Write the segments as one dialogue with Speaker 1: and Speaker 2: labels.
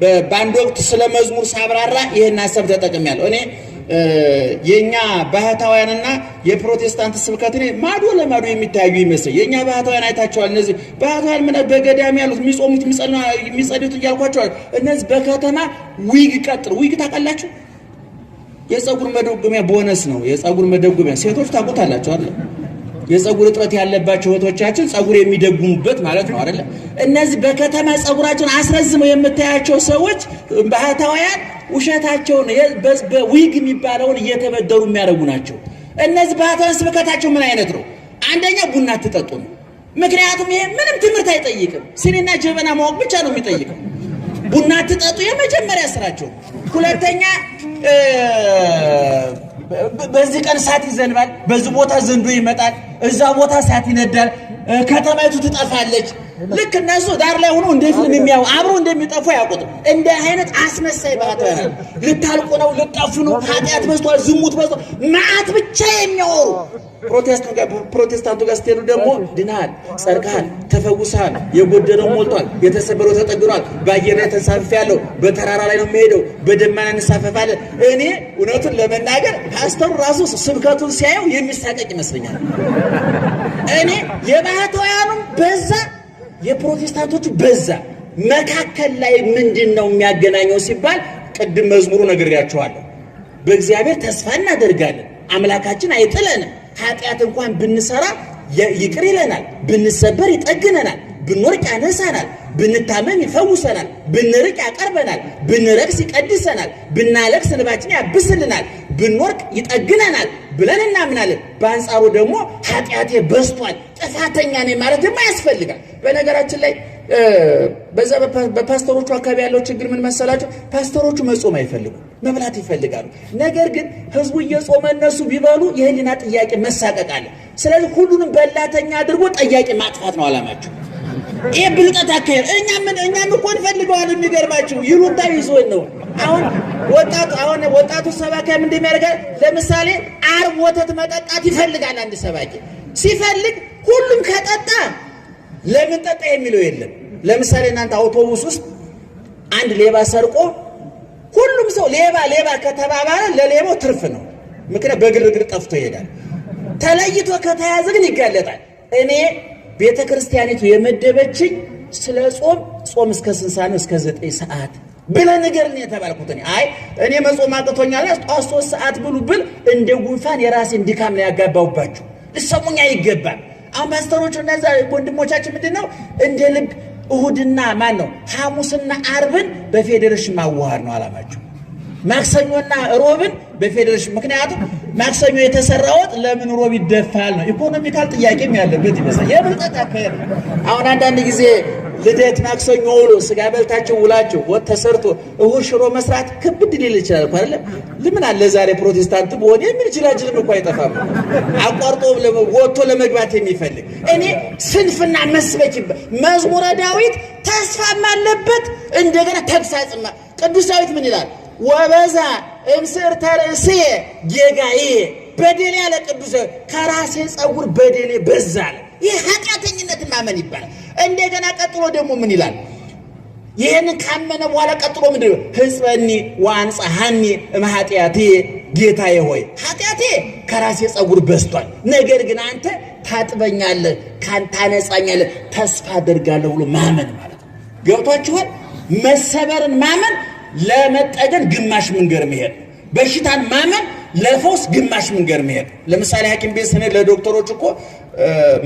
Speaker 1: በአንድ ወቅት ስለ መዝሙር ሳብራራ ይህን ሀሳብ ያለው እኔ የእኛ ባህታውያንና የፕሮቴስታንት ስብከት እኔ ማዶ ለማዶ የሚታዩ ይመስል የእኛ ባህታውያን አይታቸዋል። እነዚህ ባህታውያን ምን በገዳም ያሉት የሚጾሙት የሚጸዱት እያልኳቸዋል። እነዚህ በከተማ ዊግ ቀጥል ዊግ ታውቃላችሁ? የፀጉር መደጎሚያ ቦነስ ነው። የፀጉር መደጎሚያ ሴቶች ታውቁታላችሁ አይደል? የፀጉር እጥረት ያለባቸው እህቶቻችን ፀጉር የሚደጉሙበት ማለት ነው አይደለ? እነዚህ በከተማ ፀጉራቸውን አስረዝመው የምታያቸው ሰዎች ባህታውያን ውሸታቸውን በዊግ የሚባለውን እየተበደሩ የሚያደርጉ ናቸው። እነዚህ ባህታውያን ስብከታቸው ምን አይነት ነው? አንደኛ ቡና አትጠጡ ነው። ምክንያቱም ይሄ ምንም ትምህርት አይጠይቅም። ሲኒና ጀበና ማወቅ ብቻ ነው የሚጠይቀው። ቡና አትጠጡ የመጀመሪያ ስራቸው። ሁለተኛ በዚህ ቀን እሳት ይዘንባል፣ በዚህ ቦታ ዘንዶ ይመጣል፣ እዛ ቦታ እሳት ይነዳል፣ ከተማይቱ ትጠፋለች። ልክ እነሱ ዳር ላይ ሆኖ እንደ ፊልም የሚያው አብሮ እንደሚጠፉ ያውቁት። እንደ አይነት አስመሳይ ባህታዊ ልታልቁ ነው፣ ልጠፉ ነው፣ ኃጢአት በዝቷል፣ ዝሙት በዝቷል፣ መዓት ብቻ የሚያወሩ ፕሮቴስታንቱ ጋር ስትሄዱ ደግሞ ድናሃል፣ ጸድቀሃል፣ ተፈውሰሃል፣ የጎደለው ሞልቷል፣ የተሰበረው ተጠግኗል፣ በአየር ላይ ተንሳፍፌያለሁ፣ በተራራ ላይ ነው የምሄደው፣ በደመና እንሳፈፋለን። እኔ እውነቱን ለመናገር ፓስተሩ ራሱ ስብከቱን ሲያየው የሚሳቀቅ ይመስለኛል። እኔ የባህታውያኑም በዛ የፕሮቴስታንቶቹ በዛ መካከል ላይ ምንድን ነው የሚያገናኘው ሲባል ቅድም መዝሙሩ ነግሬያቸዋለሁ። በእግዚአብሔር ተስፋ እናደርጋለን። አምላካችን አይጥለንም። ኃጢአት እንኳን ብንሰራ ይቅር ይለናል፣ ብንሰበር ይጠግነናል፣ ብንወርቅ ያነሳናል፣ ብንታመም ይፈውሰናል፣ ብንርቅ ያቀርበናል፣ ብንረክስ ይቀድሰናል፣ ብናለቅስ እንባችን ያብስልናል፣ ብንወርቅ ይጠግነናል፣ ብለን እናምናለን። በአንጻሩ ደግሞ ኃጢአቴ በስቷል፣ ጥፋተኛ ነኝ ማለት ደግሞ ያስፈልጋል። በነገራችን ላይ በዛ በፓስተሮቹ አካባቢ ያለው ችግር ምን መሰላቸው? ፓስተሮቹ መጾም አይፈልጉ መብላት ይፈልጋሉ። ነገር ግን ህዝቡ እየጾመ እነሱ ቢበሉ የህሊና ጥያቄ መሳቀቅ አለ። ስለዚህ ሁሉንም በላተኛ አድርጎ ጥያቄ ማጥፋት ነው አላማቸው። ይህ ብልጠት አካሄድ እኛም እኮ እንፈልገዋል። የሚገርማችሁ ይሉንታ ይዞን ነው። አሁን ወጣቱ አሁን ወጣቱ ሰባካም እንደሚያደርጋል ለምሳሌ አርብ ወተት መጠጣት ይፈልጋል አንድ ሰባኪ። ሲፈልግ ሁሉም ከጠጣ ለምን ጠጣ የሚለው የለም። ለምሳሌ እናንተ አውቶቡስ ውስጥ አንድ ሌባ ሰርቆ ሁሉም ሰው ሌባ ሌባ ከተባባለ ለሌባው ትርፍ ነው። ምክንያት በግርግር ጠፍቶ ይሄዳል። ተለይቶ ከተያዘ ግን ይጋለጣል። እኔ ቤተ ክርስቲያኒቱ የመደበችኝ ስለ ጾም ጾም እስከ ስንት ሰዓት ነው? እስከ ዘጠኝ ሰዓት ብለ ነገር ነው የተባልኩት አይ እኔ መጾም አቅቶኛል ጠዋት ሶስት ሰዓት ብሉ ብል እንደ ጉንፋን የራሴን ድካም ነው ያጋባውባችሁ። ልሰሙኝ አይገባል። አሁን ፓስተሮቹ እነዛ ወንድሞቻችን ምንድን ነው እንደ ልብ እሁድና ማን ነው ሐሙስና አርብን በፌዴሬሽን ማዋሃድ ነው አላማቸው። ማክሰኞና ሮብን በፌዴሬሽን ምክንያቱም ማክሰኞ የተሰራ ወጥ ለምን ሮብ ይደፋል ነው ኢኮኖሚካል ጥያቄም ያለበት ይመስላል። የብልጠት አካሄድ አሁን አንዳንድ ጊዜ ልደት፣ ማክሰኞ ውሎ ስጋ በልታችሁ ውላችሁ ወጥ ተሰርቶ እሑድ ሽሮ መስራት ክብድ ሊል ይችላል እኮ አይደለም። ለምን አለ ዛሬ ፕሮቴስታንት ሆን የሚል ጅላጅልም እኮ አይጠፋም። አቋርጦ ወጥቶ ለመግባት የሚፈልግ እኔ ስንፍና መስበክ መዝሙረ ዳዊት ተስፋም አለበት እንደገና ተግሳጽማ። ቅዱስ ዳዊት ምን ይላል? ወበዛ እምስር ተርእስየ ጌጋዬ በደሌ ያለ ቅዱስ ከራሴ ጸጉር በደሌ በዛ አለ። ይህ ኃጢአተኝነትን ማመን ይባላል። እንደገና ቀጥሎ ደግሞ ምን ይላል? ይህንን ካመነ በኋላ ቀጥሎ ምንድን ነው? ህጽበኒ ወአንጽሐኒ እምኃጢአቴ፣ ጌታዬ ሆይ ኃጢአቴ ከራሴ ፀጉር በዝቷል፣ ነገር ግን አንተ ታጥበኛለህ፣ ታነጻኛለህ፣ ተስፋ አደርጋለሁ ብሎ ማመን ማለት ነው። ገብቷችኋል? መሰበርን ማመን ለመጠገን ግማሽ መንገድ መሄድ፣ በሽታን ማመን ለፈውስ ግማሽ መንገድ መሄድ። ለምሳሌ ሐኪም ቤት ስንሄድ ለዶክተሮች እኮ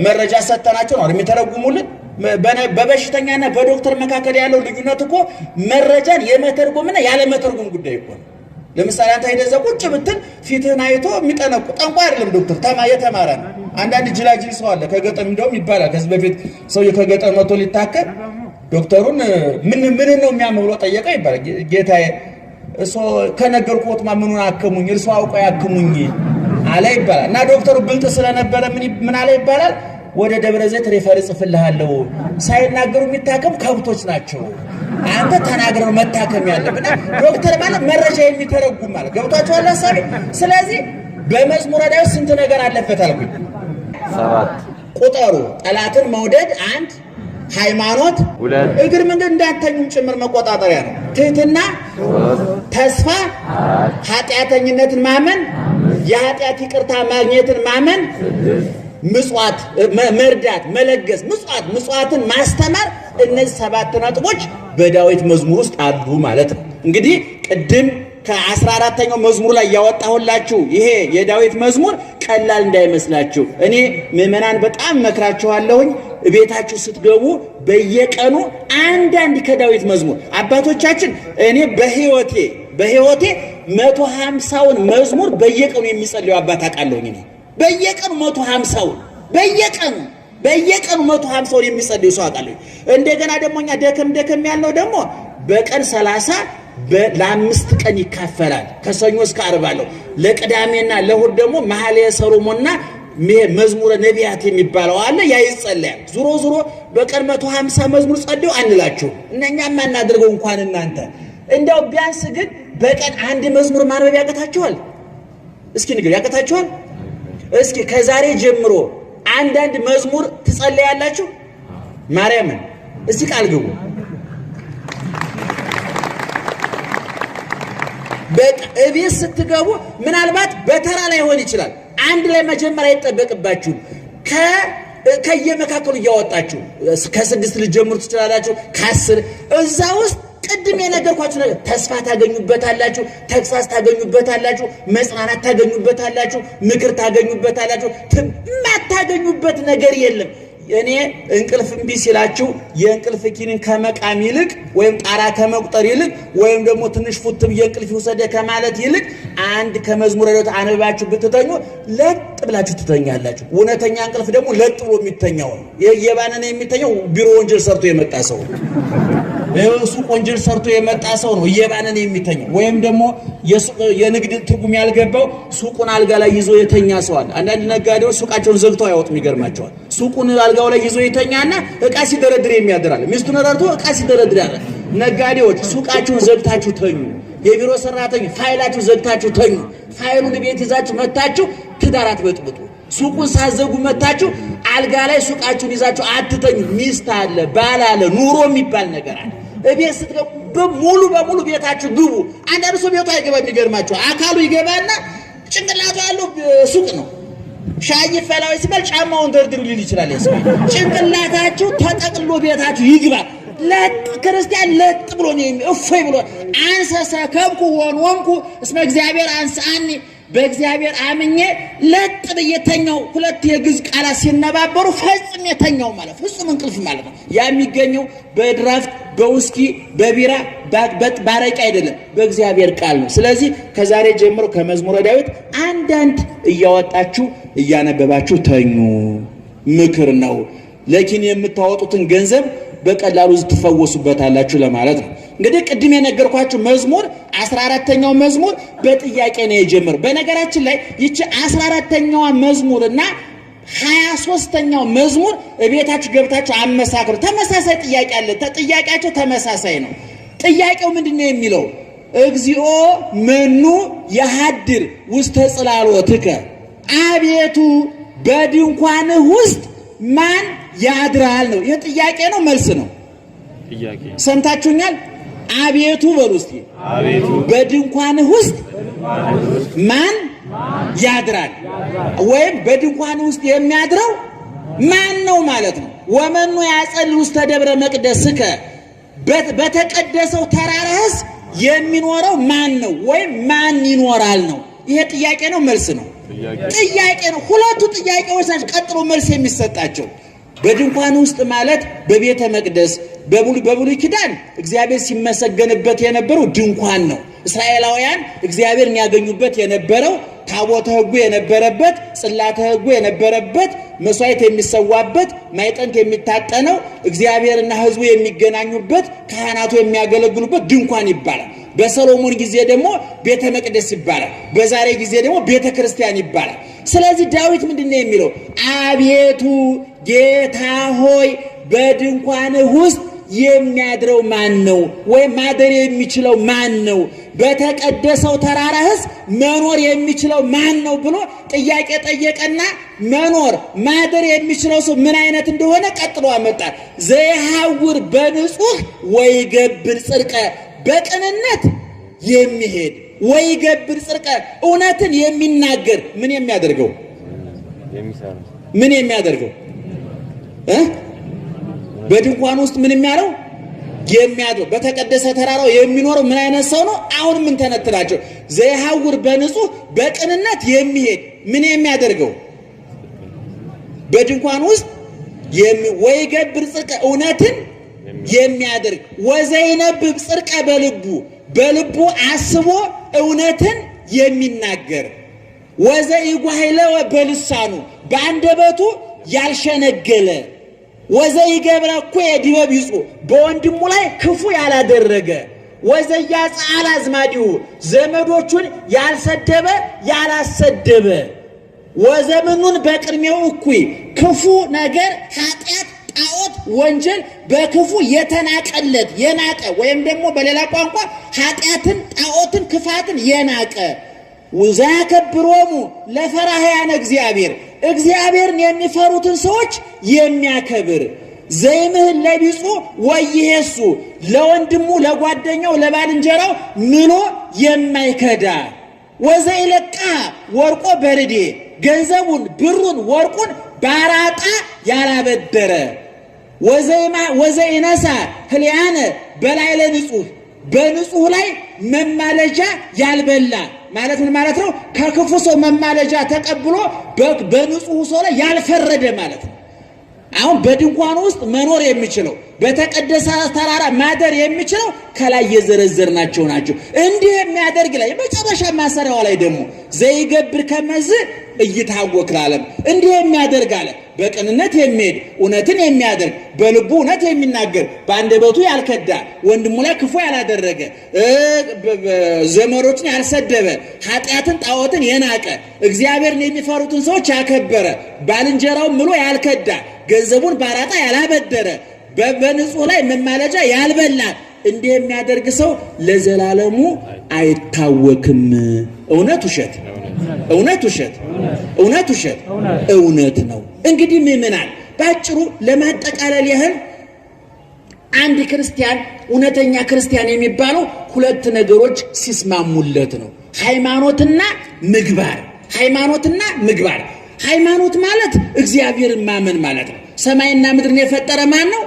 Speaker 1: መረጃ ሰጠናቸው ነው የሚተረጉሙልን በበሽተኛና በዶክተር መካከል ያለው ልዩነት እኮ መረጃን የመተርጎምና ያለመተርጎም ጉዳይ እኮ ነው። ለምሳሌ አንተ ሄደህ እዛ ቁጭ ብትል ፊትህን አይቶ የሚጠነቁ ጠንቋ አይደለም ዶክተር የተማረ ነው። አንዳንድ ጅላጅል ሰው አለ ከገጠም እንደውም ይባላል። ከዚህ በፊት ሰው ከገጠም መቶ ሊታከል ዶክተሩን ምን ምን ነው የሚያም ብሎ ጠየቀ ይባላል። ጌታዬ እሶ ከነገርኩት ምኑን አክሙኝ እርሶ አውቀው ያክሙኝ አለ ይባላል። እና ዶክተሩ ብልጥ ስለነበረ ምን አለ ይባላል ወደ ደብረ ዘይት ሬፈር ጽፍልሃለሁ። ሳይናገሩ የሚታከም ከብቶች ናቸው። አንተ ተናግረው መታከም ያለብና ዶክተር ማለት መረጃ የሚተረጉም ማለት ገብቷቸዋል ሀሳቤ። ስለዚህ በመዝሙረ ዳዊት ስንት ነገር አለበት አልኩኝ? ሰባት ቁጠሩ። ጠላትን መውደድ አንድ፣ ሃይማኖት ሁለት፣ እግር ምንድን እንዳተኙም ጭምር መቆጣጠሪያ ነው፣ ትህትና ተስፋ፣ ኃጢአተኝነትን ማመን፣ የኃጢአት ይቅርታ ማግኘትን ማመን ምጽዋት መርዳት፣ መለገስ፣ ምጽዋት ምጽዋትን ማስተማር እነዚህ ሰባት ነጥቦች በዳዊት መዝሙር ውስጥ አሉ ማለት ነው። እንግዲህ ቅድም ከአስራ አራተኛው መዝሙር ላይ ያወጣሁላችሁ ይሄ የዳዊት መዝሙር ቀላል እንዳይመስላችሁ እኔ ምዕመናን በጣም መክራችኋለሁኝ። ቤታችሁ ስትገቡ በየቀኑ አንዳንድ ከዳዊት መዝሙር አባቶቻችን እኔ በህይወቴ በህይወቴ መቶ ሀምሳውን መዝሙር በየቀኑ የሚጸልዩ አባት አውቃለሁኝ እኔ በየቀኑ መቶ ሀምሳውን በየቀኑ በየቀኑ መቶ ሀምሳውን የሚጸልዩ ሰው አውቃለሁ። እንደገና ደግሞ እኛ ደከም ደከም ያልነው ደግሞ በቀን ሰላሳ ለአምስት ቀን ይካፈላል። ከሰኞ እስከ ዓርብ አለው። ለቅዳሜና ለእሑድ ደግሞ መኃልየ ሰሎሞንና መዝሙረ ነቢያት የሚባለው አለ። ያ ይጸለያል። ዙሮ ዙሮ በቀን መቶ ሀምሳ መዝሙር ጸልዩ አንላችሁ እነኛ የማናደርገው እንኳን እናንተ እንዲያው ቢያንስ ግን በቀን አንድ መዝሙር ማንበብ ያቀታችኋል? እስኪ ንገር ያቀታችኋል? እስኪ ከዛሬ ጀምሮ አንዳንድ መዝሙር ትጸለያላችሁ። ማርያምን እስቲ ቃል ግቡ። እቤት ስትገቡ ምናልባት በተራ ላይሆን ይችላል። አንድ ላይ መጀመር አይጠበቅባችሁም። ከየመካከሉ እያወጣችሁ ከስድስት ልትጀምሩ ትችላላችሁ። ከአስር እዛ ውስጥ ቅድም የነገርኳችሁ ነገር ተስፋ ታገኙበታላችሁ፣ ተግሳስ ታገኙበታላችሁ፣ መጽናናት ታገኙበታላችሁ፣ ምክር ታገኙበታላችሁ። የማታገኙበት ነገር የለም። እኔ እንቅልፍ እምቢ ሲላችሁ የእንቅልፍ ኪኒን ከመቃም ይልቅ ወይም ጣራ ከመቁጠር ይልቅ ወይም ደግሞ ትንሽ ፉት ብዬ እንቅልፍ ይውሰደ ከማለት ይልቅ አንድ ከመዝሙረ ዳዊት አንብባችሁ ብትተኙ ለጥ ብላችሁ ትተኛላችሁ። እውነተኛ እንቅልፍ ደግሞ ለጥ ብሎ የሚተኛው ነው። የባነነ የሚተኛው ቢሮ ወንጀል ሰርቶ የመጣ ሰው በሱቅ ወንጀል ሰርቶ የመጣ ሰው ነው እየባንን የሚተኛው። ወይም ደግሞ የንግድ ትርጉም ያልገባው ሱቁን አልጋ ላይ ይዞ የተኛ ሰው አለ። አንዳንድ ነጋዴዎች ሱቃቸውን ዘግተው አያወጡም፣ ይገርማቸዋል። ሱቁን አልጋው ላይ ይዞ የተኛና እቃ ሲደረድር የሚያደራል። ሚስቱን ረድቶ እቃ ሲደረድር ያለ ነጋዴዎች ሱቃችሁን ዘግታችሁ ተኙ። የቢሮ ሰራተኞች ፋይላችሁ ዘግታችሁ ተኙ። ፋይሉን ቤት ይዛችሁ መታችሁ ትዳር አትበጥብጡ። ሱቁን ሳዘጉ መታችሁ አልጋ ላይ ሱቃችሁን ይዛችሁ አትተኙ። ሚስት አለ፣ ባል አለ፣ ኑሮ የሚባል ነገር አለ። ቤት ስትገቡ ሙሉ በሙሉ ቤታችሁ ግቡ። አንዳንድ ሰው ቤቱ አይገባም። የሚገርማችሁ አካሉ ይገባና ጭንቅላቱ ያለው ሱቅ ነው። ሻይ ይፈላዊ ሲባል ጫማውን ደርድሩ ሊል ይችላል። የሰው ጭንቅላታችሁ ተጠቅሎ ቤታችሁ ይግባ። ለጥ ክርስቲያን ለጥ ብሎ ነው እፎይ ብሎ አንሰሰ ከብኩ እስመ እግዚአብሔር አንስአኒ በእግዚአብሔር አምኜ ለጥ ብዬ ተኛው። ሁለት የግዕዝ ቃላት ሲነባበሩ ፈጽም የተኛው ማለት ፍጹም እንቅልፍ ማለት ነው። ያ የሚገኘው በድራፍት በውስኪ በቢራ ባረቂ አይደለም፣ በእግዚአብሔር ቃል ነው። ስለዚህ ከዛሬ ጀምሮ ከመዝሙረ ዳዊት አንዳንድ እያወጣችሁ እያነበባችሁ ተኙ። ምክር ነው። ለኪን የምታወጡትን ገንዘብ በቀላሉ ትፈወሱበታላችሁ ለማለት ነው። እንግዲህ ቅድም የነገርኳችሁ መዝሙር አስራ አራተኛው መዝሙር በጥያቄ ነው የጀመረው። በነገራችን ላይ ይቺ አስራ አራተኛዋ መዝሙር እና ሀያ ሶስተኛው መዝሙር እቤታችሁ ገብታችሁ አመሳክሩ። ተመሳሳይ ጥያቄ አለ። ጥያቄያቸው ተመሳሳይ ነው። ጥያቄው ምንድን ነው የሚለው? እግዚኦ መኑ የሀድር ውስተ ጽላሎትከ፣ አቤቱ በድንኳንህ ውስጥ ማን ያድራል ነው። ይህ ጥያቄ ነው፣ መልስ ነው። ሰምታችሁኛል? አቤቱ በሉ እስቲ በድንኳንህ ውስጥ ማን ያድራል? ወይም በድንኳን ውስጥ የሚያድረው ማን ነው ማለት ነው። ወመኑ ያጸል ውስተ ደብረ መቅደስከ በተቀደሰው ተራራህስ የሚኖረው ማን ነው ወይም ማን ይኖራል ነው። ይሄ ጥያቄ ነው፣ መልስ ነው፣ ጥያቄ ነው። ሁለቱ ጥያቄዎች ናቸው። ቀጥሎ መልስ የሚሰጣቸው በድንኳን ውስጥ ማለት በቤተ መቅደስ በብሉይ ኪዳን እግዚአብሔር ሲመሰገንበት የነበረው ድንኳን ነው። እስራኤላውያን እግዚአብሔርን ያገኙበት የነበረው ታቦተ ሕጉ የነበረበት፣ ጽላተ ሕጉ የነበረበት፣ መስዋዕት የሚሰዋበት፣ ማይጠንት የሚታጠነው፣ እግዚአብሔርና ሕዝቡ የሚገናኙበት፣ ካህናቱ የሚያገለግሉበት ድንኳን ይባላል። በሰሎሞን ጊዜ ደግሞ ቤተ መቅደስ ይባላል። በዛሬ ጊዜ ደግሞ ቤተ ክርስቲያን ይባላል። ስለዚህ ዳዊት ምንድን ነው የሚለው? አቤቱ ጌታ ሆይ በድንኳንህ ውስጥ የሚያድረው ማን ነው? ወይም ማደር የሚችለው ማን ነው? በተቀደሰው ተራራህስ መኖር የሚችለው ማን ነው ብሎ ጥያቄ ጠየቀና መኖር ማደር የሚችለው ሰው ምን አይነት እንደሆነ ቀጥሎ አመጣል። ዘይሐውር በንጹህ ወይገብር ጽድቀ በቅንነት የሚሄድ ወይገብር ጽድቀ እውነትን የሚናገር ምን የሚያደርገው ምን የሚያደርገው በድንኳን ውስጥ ምን የሚያለው የሚያድረው በተቀደሰ ተራራው የሚኖረው ምን አይነት ሰው ነው? አሁን ምን ተነትናቸው ዘይሐውር በንጹህ በቅንነት የሚሄድ ምን የሚያደርገው በድንኳን ውስጥ ወይ ገብር ጽድቀ እውነትን የሚያደርግ ወዘይነብብ ጽድቀ በልቡ በልቡ አስቦ እውነትን የሚናገር ወዘይጓሄለወ በልሳኑ በአንደበቱ ያልሸነገለ ወዘይ ገብረ እኮ የዲበብ ይጹ በወንድሙ ላይ ክፉ ያላደረገ ወዘያ ጻላ አዝማዲው ዘመዶቹን ያልሰደበ ያላሰደበ ወዘመኑን በቅድሜው እኩይ ክፉ ነገር ኃጢአት፣ ጣዖት፣ ወንጀል በክፉ የተናቀለት የናቀ ወይም ደግሞ በሌላ ቋንቋ ኃጢአትን፣ ጣዖትን፣ ክፋትን የናቀ ዘያከብሮሙ ለፈራህያነ እግዚአብሔር እግዚአብሔርን የሚፈሩትን ሰዎች የሚያከብር ዘይምህን ለቢጹ ወይሄሱ ለወንድሙ ለጓደኛው ለባልንጀራው ምሎ የማይከዳ ወዘይለቃ ወርቆ በርዴ ገንዘቡን ብሩን ወርቁን ባራጣ ያላበደረ ወዘይነሳ ህሊያነ በላይ ለንጹህ በንጹህ ላይ መማለጃ ያልበላ ማለት ምን ማለት ነው? ከክፉ ሰው መማለጃ ተቀብሎ በንጹሕ ሰው ላይ ያልፈረደ ማለት ነው። አሁን በድንኳን ውስጥ መኖር የሚችለው በተቀደሰ ተራራ ማደር የሚችለው ከላይ የዘረዘርናቸው ናቸው። እንዲህ የሚያደርግ ላይ መጨረሻ ማሰሪያዋ ላይ ደግሞ ዘይገብር ከመዝ እይታወክ ለዓለም እንዲህ የሚያደርግ አለ በቅንነት የሚሄድ እውነትን የሚያደርግ በልቡ እውነት የሚናገር በአንደበቱ ያልከዳ ወንድሙ ላይ ክፉ ያላደረገ ዘመዶችን ያልሰደበ ኃጢአትን፣ ጣዖትን የናቀ እግዚአብሔርን የሚፈሩትን ሰዎች ያከበረ ባልንጀራው ምሎ ያልከዳ ገንዘቡን ባራጣ ያላበደረ በንጹሕ ላይ መማለጃ ያልበላ እንዲህ የሚያደርግ ሰው ለዘላለሙ አይታወክም። እውነት ውሸት፣ እውነት ውሸት፣ እውነት ውሸት፣ እውነት ነው። እንግዲህ ምእመናን በአጭሩ ለማጠቃለል ያህል አንድ ክርስቲያን እውነተኛ ክርስቲያን የሚባለው ሁለት ነገሮች ሲስማሙለት ነው። ሃይማኖትና ምግባር፣ ሃይማኖትና ምግባር። ሃይማኖት ማለት እግዚአብሔርን ማመን ማለት ነው። ሰማይና ምድርን የፈጠረ ማን ነው?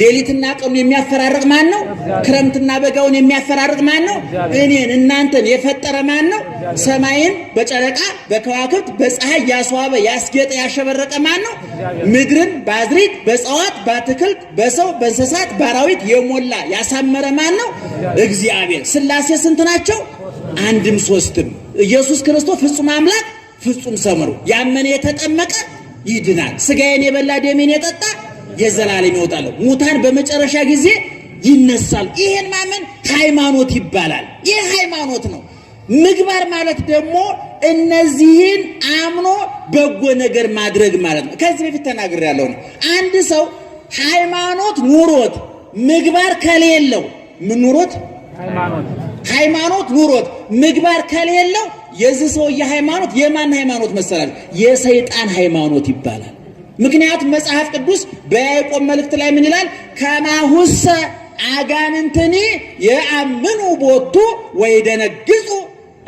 Speaker 1: ሌሊትና ቀን የሚያፈራርቅ ማን ነው? ክረምትና በጋውን የሚያፈራርቅ ማን ነው? እኔን እናንተን የፈጠረ ማን ነው? ሰማይን በጨረቃ በከዋክብት በፀሐይ ያስዋበ ያስጌጠ ያሸበረቀ ማን ነው? ምድርን በአዝሪት በእጽዋት በአትክልት በሰው በእንስሳት በአራዊት የሞላ ያሳመረ ማን ነው? እግዚአብሔር። ስላሴ ስንት ናቸው? አንድም ሶስትም። ኢየሱስ ክርስቶስ ፍጹም አምላክ ፍጹም ሰምሩ ያመነ የተጠመቀ ይድናል። ስጋዬን የበላ ደሜን የጠጣ የዘላለም ይወጣል። ሙታን በመጨረሻ ጊዜ ይነሳል። ይሄን ማመን ሃይማኖት ይባላል። ይህ ሃይማኖት ነው። ምግባር ማለት ደግሞ እነዚህን አምኖ በጎ ነገር ማድረግ ማለት ነው። ከዚህ በፊት ያለው ነው። አንድ ሰው ሃይማኖት ኑሮት ምግባር ከሌለው ምን ኑሮት ሃይማኖት ኑሮት ምግባር ከሌለው የዚህ ሰውዬ ሃይማኖት የማን ሃይማኖት መሰላል? የሰይጣን ሃይማኖት ይባላል። ምክንያት መጽሐፍ ቅዱስ በያዕቆብ መልእክት ላይ ምን ይላል? ከማሁሰ አጋንንትኒ የአምኑ ቦቱ ወይ ደነግጹ።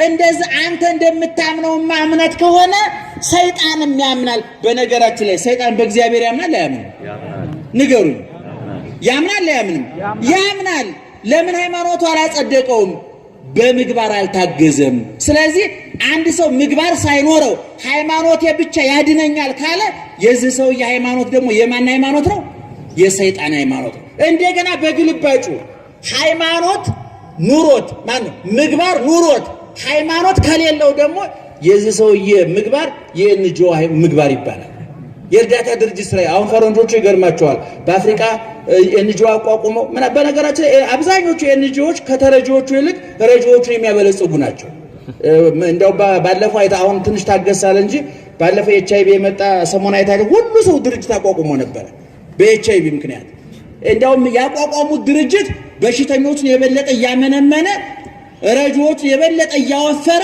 Speaker 1: እንደዚህ አንተ እንደምታምነው እምነት ከሆነ ሰይጣንም ያምናል። በነገራችን ላይ ሰይጣን በእግዚአብሔር ያምናል
Speaker 2: አያምንም?
Speaker 1: ንገሩኝ። ያምናል አያምንም? ያምናል። ለምን ሃይማኖቱ አላጸደቀውም? በምግባር አልታገዘም። ስለዚህ አንድ ሰው ምግባር ሳይኖረው ሃይማኖቴ ብቻ ያድነኛል ካለ የዚህ ሰውዬ ሃይማኖት ደግሞ የማን ሃይማኖት ነው? የሰይጣን ሃይማኖት። እንደገና በግልባጩ ሃይማኖት ኑሮት ማን ምግባር ኑሮት ሃይማኖት ከሌለው ደግሞ የዚህ ሰውዬ ምግባር የንጆ ምግባር ይባላል። የእርዳታ ድርጅት ስራ አሁን ፈረንጆቹ ይገርማቸዋል። በአፍሪካ ኤንጂኦ አቋቁመው በነገራችን አብዛኞቹ ኤንጂኦዎች ከተረጂዎቹ ይልቅ ረጂዎቹን የሚያበለጽጉ ናቸው። እንደው ባለፈው አይታ አሁን ትንሽ ታገሳለ እንጂ ባለፈው ኤች አይቪ የመጣ ሰሞን አይታ ሁሉ ሰው ድርጅት አቋቁሞ ነበረ በኤች አይቪ ምክንያት። እንዲያውም ያቋቋሙት ድርጅት በሽተኞቹን የበለጠ እያመነመነ ረጂዎቹን የበለጠ እያወፈረ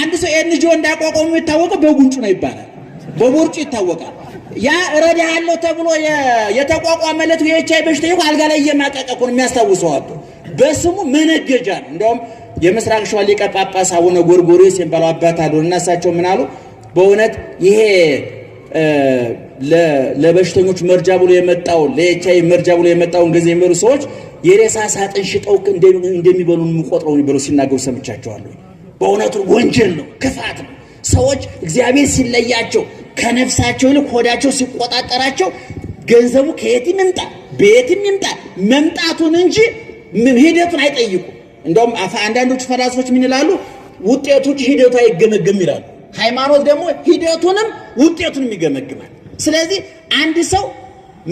Speaker 1: አንድ ሰው ኤንጂኦ እንዳቋቋሙ የሚታወቀው በጉንጩ ነው ይባላል፣ በቦርጩ ይታወቃል። ያ ረዳ ያለው ተብሎ የተቋቋመለት የኤች አይቪ በሽተኛ አልጋ ላይ እየማቀቀ እኮ ነው በስሙ መነገጃ ነው እንደውም የምስራቅ ሸዋ ሊቀ ጳጳስ አቡነ ጎርጎሪዎስ የሚባሉ አባት አሉ እና እሳቸው ምን አሉ? በእውነት ይሄ ለበሽተኞች መርጃ ብሎ የመጣው ለኤች መርጃ ብሎ የመጣውን ገንዘብ የሚበሉ ሰዎች የሬሳ ሳጥን ሽጠው እንደሚበሉ የምቆጥረው የሚበሉ ሲናገሩ ሰምቻቸዋለሁ። በእውነቱ ወንጀል ነው፣ ክፋት ነው። ሰዎች እግዚአብሔር ሲለያቸው ከነፍሳቸው ይልቅ ሆዳቸው ሲቆጣጠራቸው ገንዘቡ ከየት ይምጣ በየት ይምጣ መምጣቱን እንጂ ሂደቱን አይጠይቁም። እንደውም አንዳንዶቹ ፈላስፎች ምን ይላሉ? ውጤቶች ሂደቱ አይገመገም ይላሉ። ሃይማኖት ደግሞ ሂደቱንም ውጤቱንም ይገመግማል። ስለዚህ አንድ ሰው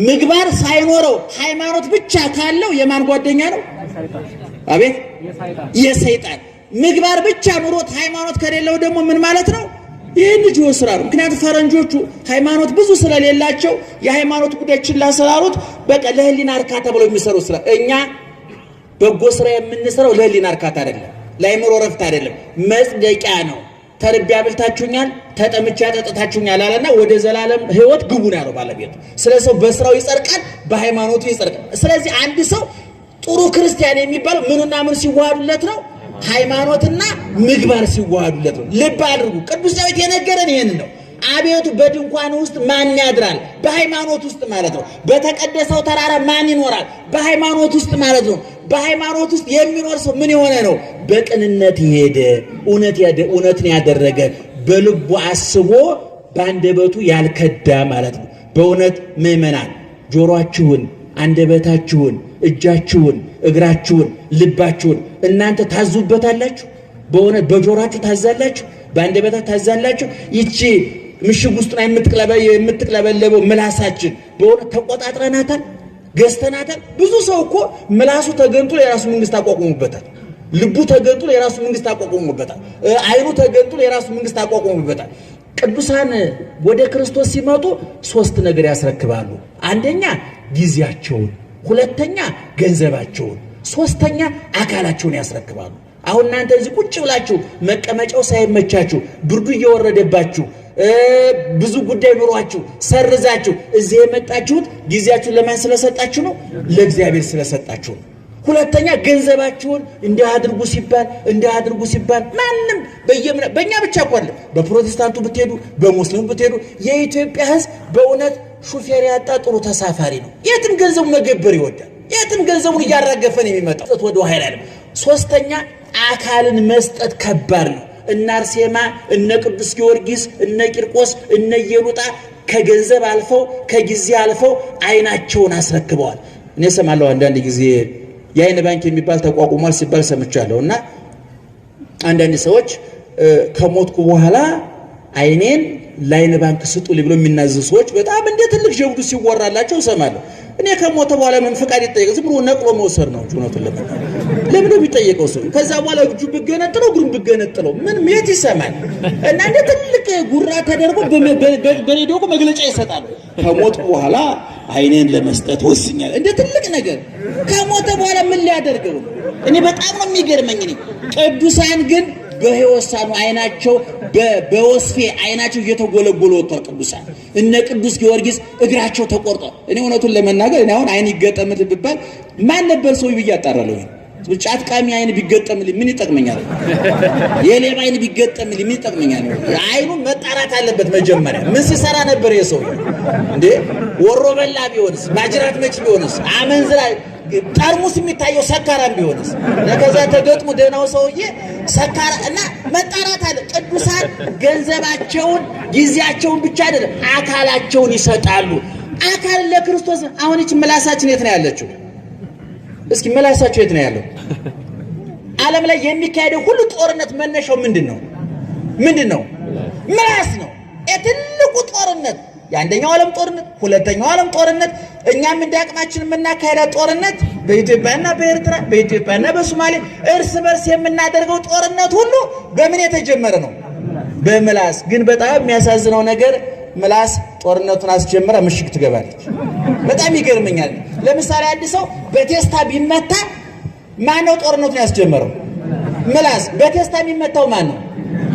Speaker 1: ምግባር ሳይኖረው ሃይማኖት ብቻ ካለው የማን ጓደኛ ነው? አቤት የሰይጣን ምግባር ብቻ ኑሮት ሃይማኖት ከሌለው ደግሞ ምን ማለት ነው? ይህን ልጅ ይወስራሉ። ምክንያቱም ፈረንጆቹ ሃይማኖት ብዙ ስለሌላቸው የሃይማኖት ጉዳይ ችላ ስላሉት በቃ ለህሊና እርካታ ብለው የሚሰሩ ስራ እኛ በጎ ስራ የምንሰራው ለህሊና እርካታ አይደለም፣ ለአይምሮ ረፍት አይደለም፣ መጽደቂያ ነው። ተርቢ አብልታችሁኛል፣ ተጠምቻ አጠጥታችሁኛል አለና ወደ ዘላለም ህይወት ግቡ ነው ያለው ባለቤቱ። ስለ ሰው በስራው ይፀርቃል። በሃይማኖቱ ይፀርቃል ስለዚህ አንድ ሰው ጥሩ ክርስቲያን የሚባለው ምኑና ምን ሲዋሃዱለት ነው? ሃይማኖትና ምግባር ሲዋሃዱለት ነው። ልብ አድርጉ፣ ቅዱስ ዳዊት የነገረን ይሄንን ነው። አቤቱ በድንኳን ውስጥ ማን ያድራል? በሃይማኖት ውስጥ ማለት ነው። በተቀደሰው ተራራ ማን ይኖራል? በሃይማኖት ውስጥ ማለት ነው። በሃይማኖት ውስጥ የሚኖር ሰው ምን የሆነ ነው? በቅንነት የሄደ እውነትን ያደረገ በልቡ አስቦ በአንደበቱ ያልከዳ ማለት ነው። በእውነት ምዕመናን ጆሮአችሁን፣ አንደበታችሁን፣ እጃችሁን፣ እግራችሁን፣ ልባችሁን እናንተ ታዙበታላችሁ። በእውነት በጆሮአችሁ ታዛላችሁ፣ በአንደበታችሁ ታዛላችሁ። ይቺ ምሽግ ውስጥ ላይ የምትቅለበለበው ምላሳችን በሆነ ተቆጣጥረናታል፣ ገዝተናታል። ብዙ ሰው እኮ ምላሱ ተገንጥሎ የራሱ መንግስት አቋቁሞበታል። ልቡ ተገንጥሎ የራሱ መንግስት አቋቁሞበታል። አይኑ ተገንጥሎ የራሱ መንግስት አቋቁሞበታል። ቅዱሳን ወደ ክርስቶስ ሲመጡ ሶስት ነገር ያስረክባሉ። አንደኛ ጊዜያቸውን፣ ሁለተኛ ገንዘባቸውን፣ ሶስተኛ አካላቸውን ያስረክባሉ። አሁን እናንተ እዚህ ቁጭ ብላችሁ መቀመጫው ሳይመቻችሁ ብርዱ እየወረደባችሁ ብዙ ጉዳይ ኑሯችሁ ሰርዛችሁ እዚህ የመጣችሁት ጊዜያችሁን ለማን ስለሰጣችሁ ነው? ለእግዚአብሔር ስለሰጣችሁ ነው። ሁለተኛ ገንዘባችሁን እንዲህ አድርጉ ሲባል እንዲህ አድርጉ ሲባል ማንም በየምና በእኛ ብቻ እኮ በፕሮቴስታንቱ ብትሄዱ፣ በሙስሊሙ ብትሄዱ የኢትዮጵያ ሕዝብ በእውነት ሹፌር ያጣ ጥሩ ተሳፋሪ ነው። የትም ገንዘቡ መገበር ይወዳል። የትም ገንዘቡን እያራገፈን የሚመጣው ወደ ኃይል ሶስተኛ አካልን መስጠት ከባድ ነው። እነ አርሴማ፣ እነ ቅዱስ ጊዮርጊስ፣ እነ ቂርቆስ፣ እነ ኢየሉጣ ከገንዘብ አልፈው ከጊዜ አልፈው አይናቸውን አስረክበዋል። እኔ ሰማለሁ አንዳንድ ጊዜ የአይን ባንክ የሚባል ተቋቁሟል ሲባል ሰምቻለሁ። እና አንዳንድ ሰዎች ከሞትኩ በኋላ አይኔን ለአይን ባንክ ስጡ ብለው የሚናዘዙ ሰዎች በጣም እንደ ትልቅ ጀብዱ ሲወራላቸው እሰማለሁ። እኔ ከሞተ በኋላ ምን ፈቃድ ይጠየቅ? ዝም ብሎ ነቅሎ መውሰድ ነው። እውነቱን ለምን ለምን የሚጠየቀው ሰው? ከዛ በኋላ እጁ ብገነጥለው እግሩን ብገነጥለው ምን ሜት ይሰማል? እና እንደ ትልቅ ጉራ ተደርጎ በሬዲዮ እኮ መግለጫ ይሰጣል። ከሞት በኋላ አይኔን ለመስጠት ወስኛል። እንደ ትልቅ ነገር ከሞተ በኋላ ምን ሊያደርገው? እኔ በጣም ነው የሚገርመኝ። ቅዱሳን ግን በህወሳኑ አይናቸው በወስፌ አይናቸው እየተጎለጎለ ወጥቷል። ቅዱሳን እነ ቅዱስ ጊዮርጊስ እግራቸው ተቆርጧል። እኔ እውነቱን ለመናገር እኔ አሁን አይን ይገጠምል ብባል ማን ነበር ሰው ብዬ አጣራለሁ። ጫት ቃሚ አይን ቢገጠምል ምን ይጠቅመኛል? የሌባ አይን ቢገጠምል ምን ይጠቅመኛል? አይኑ መጣራት አለበት መጀመሪያ። ምን ሲሰራ ነበር የሰው እንዴ? ወሮ በላ ቢሆንስ? ማጅራት መች ቢሆንስ? አመንዝራ ጠርሙስ የሚታየው ሰካራም ቢሆንስ? ለከዛ ተገጥሙ ደህናው ሰውዬ ሰካራ እና መጣራት አለ። ቅዱሳን ገንዘባቸውን ጊዜያቸውን ብቻ አይደለም አካላቸውን ይሰጣሉ። አካል ለክርስቶስ አሁን እቺ ምላሳችን የት ነው ያለችው? እስኪ ምላሳቸው የት ነው ያለው? ዓለም ላይ የሚካሄደው ሁሉ ጦርነት መነሻው ምንድን ነው? ምንድን ነው? ምላስ ነው። የትልቁ ጦርነት የአንደኛው ዓለም ጦርነት፣ ሁለተኛው ዓለም ጦርነት፣ እኛም እንደ አቅማችን የምናካሄዳት ጦርነት፣ በኢትዮጵያና በኤርትራ በኢትዮጵያና በሶማሌ እርስ በርስ የምናደርገው ጦርነት ሁሉ በምን የተጀመረ ነው? በምላስ። ግን በጣም የሚያሳዝነው ነገር ምላስ ጦርነቱን አስጀምራ ምሽግ ትገባለች። በጣም ይገርመኛል። ለምሳሌ አንድ ሰው በቴስታ ቢመታ ማነው ጦርነቱን ያስጀመረው? ምላስ። በቴስታ የሚመታው ማን ነው?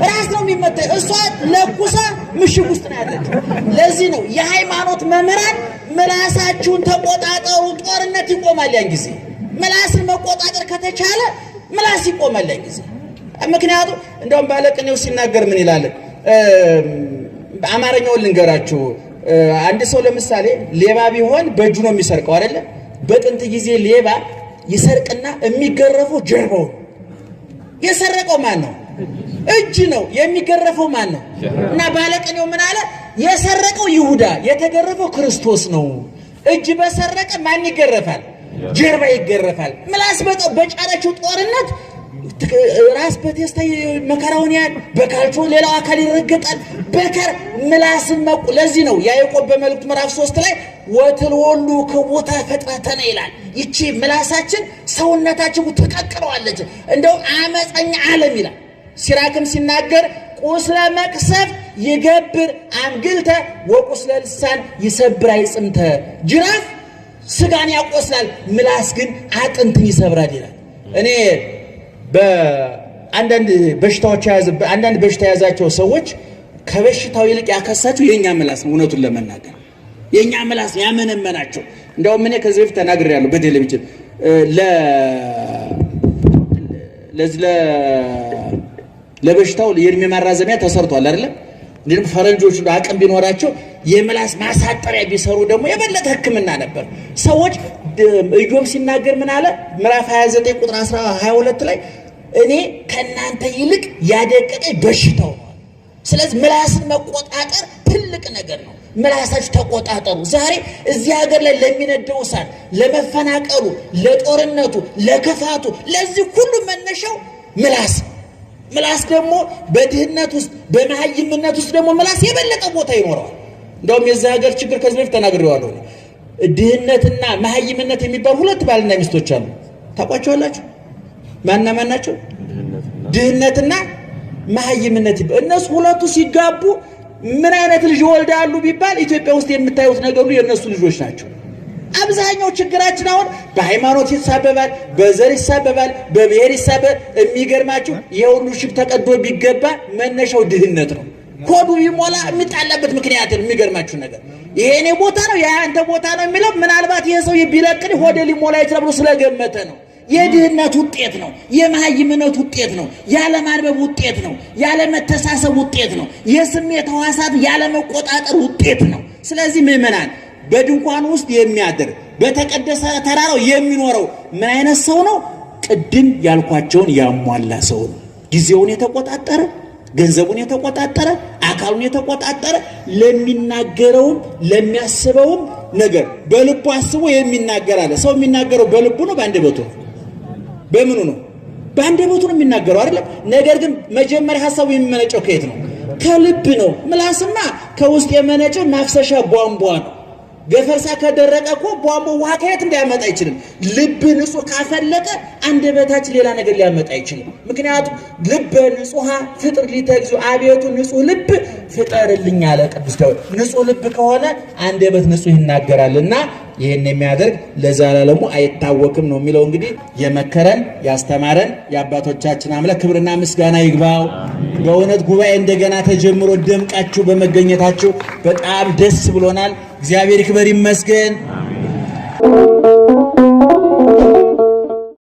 Speaker 1: ራስ ነው የሚመታኝ። እሷ ለኩሳ ምሽግ ውስጥ ነው ያለች። ለዚህ ነው የሃይማኖት መምህራን ምላሳችሁን ተቆጣጠሩ፣ ጦርነት ይቆማል። ያን ጊዜ ምላስን መቆጣጠር ከተቻለ ምላስ ይቆማል ያን ጊዜ። ምክንያቱም እንደውም ባለቅኔው ሲናገር ምን ይላል? በአማርኛውን ልንገራችሁ። አንድ ሰው ለምሳሌ ሌባ ቢሆን በእጁ ነው የሚሰርቀው አይደለ? በጥንት ጊዜ ሌባ ይሰርቅና የሚገረፈው ጀርባው የሰረቀው ማን ነው? እጅ ነው የሚገረፈው። ማን ነው? እና ባለቅኔው ምን አለ? የሰረቀው ይሁዳ የተገረፈው ክርስቶስ ነው። እጅ በሰረቀ ማን ይገረፋል? ጀርባ ይገረፋል። ምላስ በጠ በጫረችው ጦርነት ራስ በቴስታ መከራውን ያህል በካልቾ ሌላው አካል ይረገጣል። በከር ምላስን መቁ ለዚህ ነው ያዕቆብ በመልእክቱ ምዕራፍ ሶስት ላይ ወትል ወትልወሉ ክቡታ ፈጥረተነ ይላል። ይቺ ምላሳችን ሰውነታችን ተቀቅለዋለች። እንደውም አመፀኛ ዓለም ይላል ሲራክም ሲናገር ቁስለ መቅሰፍት ይገብር አንግልተ ወቁስለ ልሳን ይሰብር አይጽምተ። ጅራፍ ስጋን ያቆስላል፣ ምላስ ግን አጥንትን ይሰብራል ይላል። እኔ በአንዳንድ በሽታዎች አንዳንድ በሽታ የያዛቸው ሰዎች ከበሽታው ይልቅ ያከሳቸው የእኛ ምላስ ነው። እውነቱን ለመናገር የእኛ ምላስ ያመነመናቸው። እንዲያውም እኔ ከዚህ በፊት ተናግሬያለሁ በቴሌቪዥን ለዚህ ለበሽታው የእድሜ ማራዘሚያ ተሰርቷል አይደለም። እንዲሁም ፈረንጆች አቅም ቢኖራቸው የምላስ ማሳጠሪያ ቢሰሩ ደግሞ የበለጠ ሕክምና ነበር። ሰዎች ኢዮብ ሲናገር ምን አለ? ምዕራፍ 29 ቁጥር 22 ላይ እኔ ከእናንተ ይልቅ ያደቀቀኝ በሽታው ነው። ስለዚህ ምላስን መቆጣጠር ትልቅ ነገር ነው። ምላሳችሁ ተቆጣጠሩ። ዛሬ እዚህ ሀገር ላይ ለሚነደው እሳት፣ ለመፈናቀሉ፣ ለጦርነቱ፣ ለክፋቱ፣ ለዚህ ሁሉ መነሻው ምላስ ምላስ ደግሞ በድህነት ውስጥ በመሀይምነት ውስጥ ደግሞ ምላስ የበለጠ ቦታ ይኖረዋል። እንደውም የዚህ ሀገር ችግር ከዚህ በፊት ተናግሬዋለሁ። ድህነትና መሀይምነት የሚባሉ ሁለት ባልና ሚስቶች አሉ። ታውቋቸዋላችሁ? ማና ማን ናቸው? ድህነትና መሀይምነት እነሱ ሁለቱ ሲጋቡ ምን አይነት ልጅ ወልዳሉ ቢባል ኢትዮጵያ ውስጥ የምታዩት ነገሩ የእነሱ ልጆች ናቸው። አብዛኛው ችግራችን አሁን በሃይማኖት ይሳበባል፣ በዘር ይሳበባል፣ በብሔር ይሳበባል። የሚገርማችሁ የሁሉ ሽብ ተቀዶ ቢገባ መነሻው ድህነት ነው። ኮዱ ቢሞላ የሚጣላበት ምክንያት የሚገርማችሁ ነገር ይሄኔ ቦታ ነው የአንተ ቦታ ነው የሚለው ምናልባት ይህ ሰው ቢለቅን ሆደ ሊሞላ ይችላል ብሎ ስለገመተ ነው። የድህነት ውጤት ነው። የመሃይምነት ውጤት ነው። ያለማንበብ ውጤት ነው። ያለመተሳሰብ ውጤት ነው። የስሜት ሕዋሳት ያለመቆጣጠር ውጤት ነው። ስለዚህ ምዕመናን በድንኳን ውስጥ የሚያድር በተቀደሰ ተራራው የሚኖረው ምን አይነት ሰው ነው? ቅድም ያልኳቸውን ያሟላ ሰው ነው። ጊዜውን የተቆጣጠረ፣ ገንዘቡን የተቆጣጠረ፣ አካሉን የተቆጣጠረ፣ ለሚናገረውም ለሚያስበውም ነገር በልቡ አስቦ የሚናገር አለ። ሰው የሚናገረው በልቡ ነው በአንደበቱ ነው? በምኑ ነው? በአንደበቱ ነው የሚናገረው አይደለም። ነገር ግን መጀመሪያ ሀሳቡ የሚመነጨው ከየት ነው? ከልብ ነው። ምላስማ ከውስጥ የመነጨ ማፍሰሻ ቧንቧ ነው። ገፈርሳ ከደረቀ እኮ ቧንቧ ውሃ ከየት አይችልም። ልብ ንጹህ ካፈለቀ አንደበታች ሌላ ነገር ሊያመጣ አይችልም። ምክንያቱም ልበ ንጹሃ ፍጥር ሊተግዙ አቤቱ ንጹህ ልብ ፍጠርልኝ አለ ቅዱስ ዳዊት። ንጹህ ልብ ከሆነ አንደበት ንጹህ ይናገራልና ይህን የሚያደርግ ለዘላለሙ አይታወክም ነው የሚለው። እንግዲህ የመከረን ያስተማረን የአባቶቻችን አምላክ ክብርና ምስጋና ይግባው። በእውነት ጉባኤ እንደገና ተጀምሮ ደምቃችሁ በመገኘታችሁ በጣም ደስ ብሎናል። እግዚአብሔር ክበር ይመስገን።